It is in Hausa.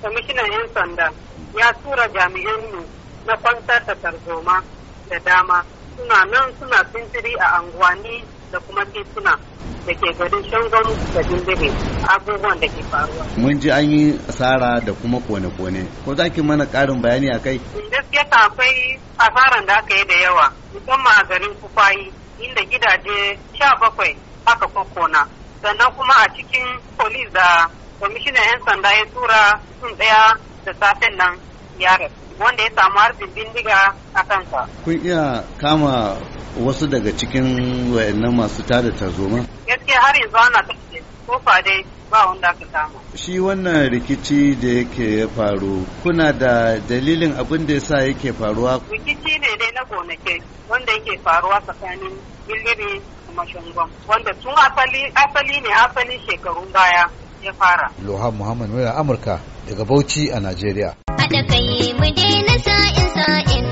kwamishinan 'yan sanda ya tura jami'an mu na kwantar da tarzoma da dama suna nan suna sintiri a anguwanni da kuma tituna da ke garin shangon da dindire abubuwan da ke faruwa. Mun ji an yi asara da kuma kone-kone. Ko za ki mana ƙarin bayani a kai? Gaskiya akwai asaran da aka yi da yawa musamman a garin kufayi inda gidaje sha bakwai aka kokona sannan kuma a cikin polis da kwamishinan 'yan sanda ya tura sun ɗaya da safen nan ya wanda ya samu harbin bindiga a kansa. Kun iya kama wasu daga cikin wayannan masu tada tarzoma? Gaskiya har yanzu ana ko fa dai ba wanda aka kama. Shi wannan rikici da yake ya faru kuna da dalilin abin da yasa yake faruwa? Rikici ne dai na gonake wanda yake faruwa tsakanin billiri da mashangon wanda tun asali ne asalin shekarun baya. ya fara. Luhab Muhammad Mura Amurka daga Bauchi a Najeriya. Haɗa kai mu na sa'in sa'in